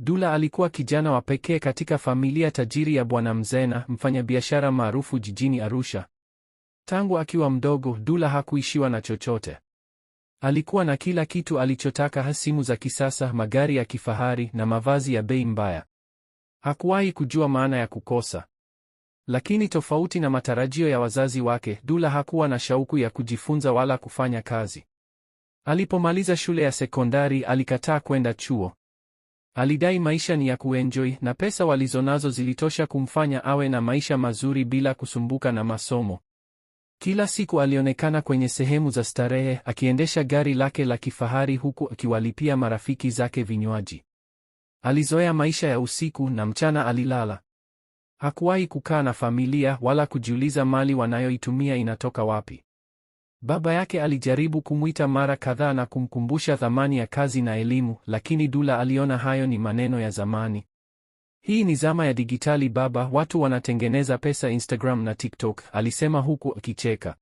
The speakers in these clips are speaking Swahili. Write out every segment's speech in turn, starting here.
Dula alikuwa kijana wa pekee katika familia tajiri ya Bwana Mzena, mfanyabiashara maarufu jijini Arusha. Tangu akiwa mdogo, Dula hakuishiwa na chochote. Alikuwa na kila kitu alichotaka: simu za kisasa, magari ya kifahari na mavazi ya bei mbaya. Hakuwahi kujua maana ya kukosa. Lakini tofauti na matarajio ya wazazi wake, Dula hakuwa na shauku ya kujifunza wala kufanya kazi. Alipomaliza shule ya sekondari, alikataa kwenda chuo. Alidai maisha ni ya kuenjoy na pesa walizonazo zilitosha kumfanya awe na maisha mazuri bila kusumbuka na masomo. Kila siku alionekana kwenye sehemu za starehe akiendesha gari lake la kifahari huku akiwalipia marafiki zake vinywaji. Alizoea maisha ya usiku na mchana alilala. Hakuwahi kukaa na familia wala kujiuliza mali wanayoitumia inatoka wapi. Baba yake alijaribu kumwita mara kadhaa na kumkumbusha thamani ya kazi na elimu, lakini Dula aliona hayo ni maneno ya zamani. Hii ni zama ya digitali baba, watu wanatengeneza pesa Instagram na TikTok, alisema huku akicheka.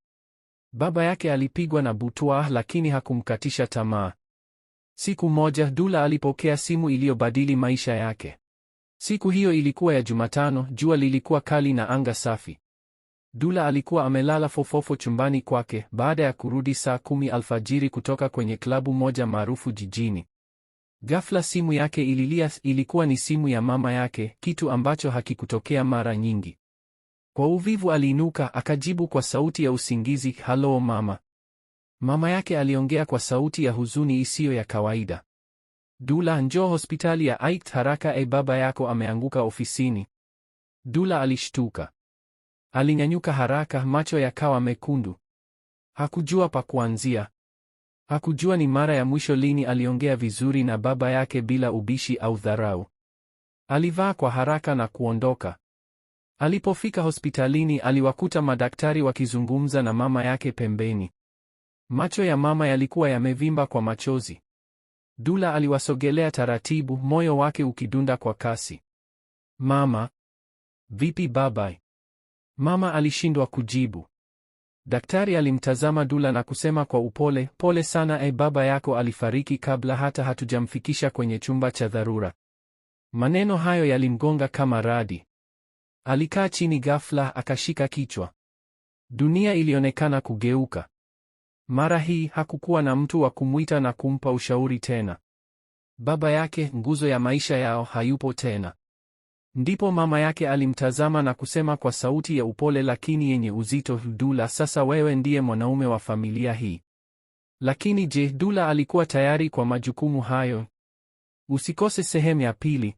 Baba yake alipigwa na butwa, lakini hakumkatisha tamaa. Siku moja Dula alipokea simu iliyobadili maisha yake. Siku hiyo ilikuwa ya Jumatano, jua lilikuwa kali na anga safi. Dula alikuwa amelala fofofo chumbani kwake baada ya kurudi saa kumi alfajiri kutoka kwenye klabu moja maarufu jijini. Ghafla simu yake ililia. Ilikuwa ni simu ya mama yake, kitu ambacho hakikutokea mara nyingi. Kwa uvivu aliinuka, akajibu kwa sauti ya usingizi, halo mama. Mama yake aliongea kwa sauti ya huzuni isiyo ya kawaida, Dula, njoo hospitali ya Ait haraka, e, baba yako ameanguka ofisini. Dula alishtuka. Alinyanyuka haraka, macho yakawa mekundu. Hakujua pa kuanzia. Hakujua ni mara ya mwisho lini aliongea vizuri na baba yake bila ubishi au dharau. Alivaa kwa haraka na kuondoka. Alipofika hospitalini, aliwakuta madaktari wakizungumza na mama yake pembeni. Macho ya mama yalikuwa yamevimba kwa machozi. Dula aliwasogelea taratibu, moyo wake ukidunda kwa kasi. Mama, vipi babai? Mama alishindwa kujibu. Daktari alimtazama Dula na kusema kwa upole, pole sana e, baba yako alifariki kabla hata hatujamfikisha kwenye chumba cha dharura. Maneno hayo yalimgonga kama radi. Alikaa chini ghafla, akashika kichwa. Dunia ilionekana kugeuka. Mara hii hakukuwa na mtu wa kumwita na kumpa ushauri tena. Baba yake, nguzo ya maisha yao, hayupo tena. Ndipo mama yake alimtazama na kusema kwa sauti ya upole lakini yenye uzito, Dula, sasa wewe ndiye mwanaume wa familia hii. Lakini je, Dula alikuwa tayari kwa majukumu hayo? Usikose sehemu ya pili.